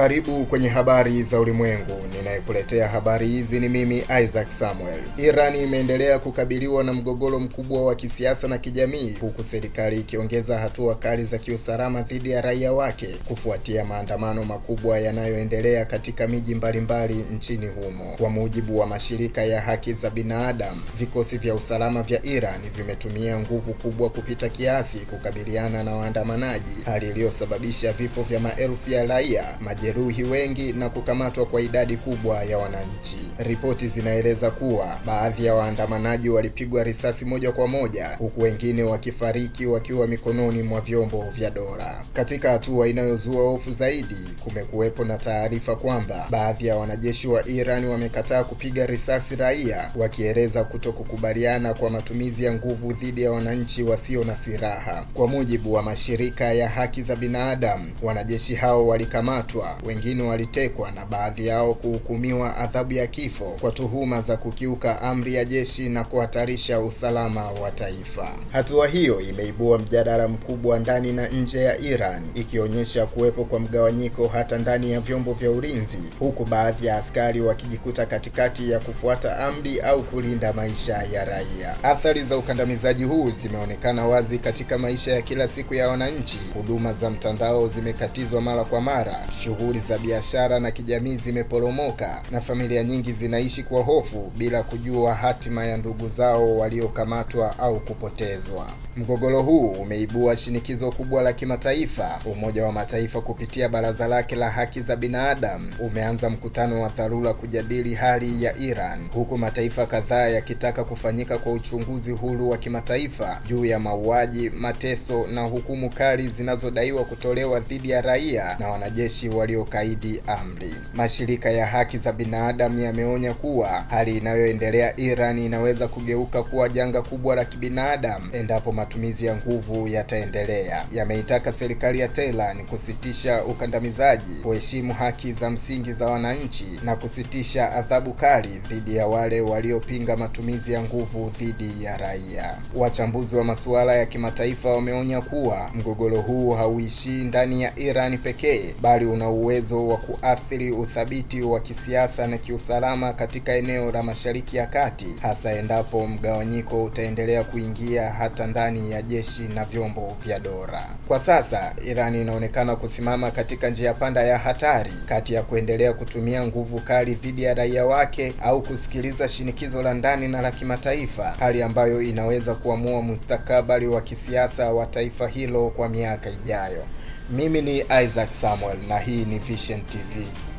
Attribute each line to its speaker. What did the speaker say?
Speaker 1: Karibu kwenye habari za ulimwengu. Ninayekuletea habari hizi ni mimi Isaac Samuel. Iran imeendelea kukabiliwa na mgogoro mkubwa wa kisiasa na kijamii, huku serikali ikiongeza hatua kali za kiusalama dhidi ya raia wake kufuatia maandamano makubwa yanayoendelea katika miji mbalimbali nchini humo. Kwa mujibu wa mashirika ya haki za binadamu, vikosi vya usalama vya Iran vimetumia nguvu kubwa kupita kiasi kukabiliana na waandamanaji, hali iliyosababisha vifo vya maelfu ya raia maje kujeruhi wengi na kukamatwa kwa idadi kubwa ya wananchi. Ripoti zinaeleza kuwa baadhi ya waandamanaji walipigwa risasi moja kwa moja, huku wengine wakifariki wakiwa mikononi mwa vyombo vya dola. Katika hatua inayozua hofu zaidi, kumekuwepo na taarifa kwamba baadhi ya wanajeshi wa Iran wamekataa kupiga risasi raia, wakieleza kutokukubaliana kwa matumizi ya nguvu dhidi ya wananchi wasio na silaha. Kwa mujibu wa mashirika ya haki za binadamu, wanajeshi hao walikamatwa wengine walitekwa na baadhi yao kuhukumiwa adhabu ya kifo kwa tuhuma za kukiuka amri ya jeshi na kuhatarisha usalama wa taifa. Hatua hiyo imeibua mjadala mkubwa ndani na nje ya Iran, ikionyesha kuwepo kwa mgawanyiko hata ndani ya vyombo vya ulinzi, huku baadhi ya askari wakijikuta katikati ya kufuata amri au kulinda maisha ya raia. Athari za ukandamizaji huu zimeonekana wazi katika maisha ya kila siku ya wananchi. Huduma za mtandao zimekatizwa mara kwa mara, shughuli shughuli za biashara na kijamii zimeporomoka na familia nyingi zinaishi kwa hofu bila kujua hatima ya ndugu zao waliokamatwa au kupotezwa. Mgogoro huu umeibua shinikizo kubwa la kimataifa. Umoja wa Mataifa kupitia baraza lake la haki za binadamu umeanza mkutano wa dharura kujadili hali ya Iran, huku mataifa kadhaa yakitaka kufanyika kwa uchunguzi huru wa kimataifa juu ya mauaji, mateso na hukumu kali zinazodaiwa kutolewa dhidi ya raia na wanajeshi walio waliokaidi amri. Mashirika ya haki za binadamu yameonya kuwa hali inayoendelea Iran inaweza kugeuka kuwa janga kubwa la kibinadamu endapo matumizi ya nguvu yataendelea. Yameitaka serikali ya Tehran kusitisha ukandamizaji, kuheshimu haki za msingi za wananchi na kusitisha adhabu kali dhidi ya wale waliopinga matumizi ya nguvu dhidi ya raia. Wachambuzi wa masuala ya kimataifa wameonya kuwa mgogoro huu hauishii ndani ya Iran pekee bali una uwezo wa kuathiri uthabiti wa kisiasa na kiusalama katika eneo la Mashariki ya Kati, hasa endapo mgawanyiko utaendelea kuingia hata ndani ya jeshi na vyombo vya dola. Kwa sasa, Irani inaonekana kusimama katika njia panda ya hatari kati ya kuendelea kutumia nguvu kali dhidi ya raia wake au kusikiliza shinikizo la ndani na la kimataifa, hali ambayo inaweza kuamua mustakabali wa kisiasa wa taifa hilo kwa miaka ijayo. Mimi ni Isaac Samuel na hii ni Vision TV.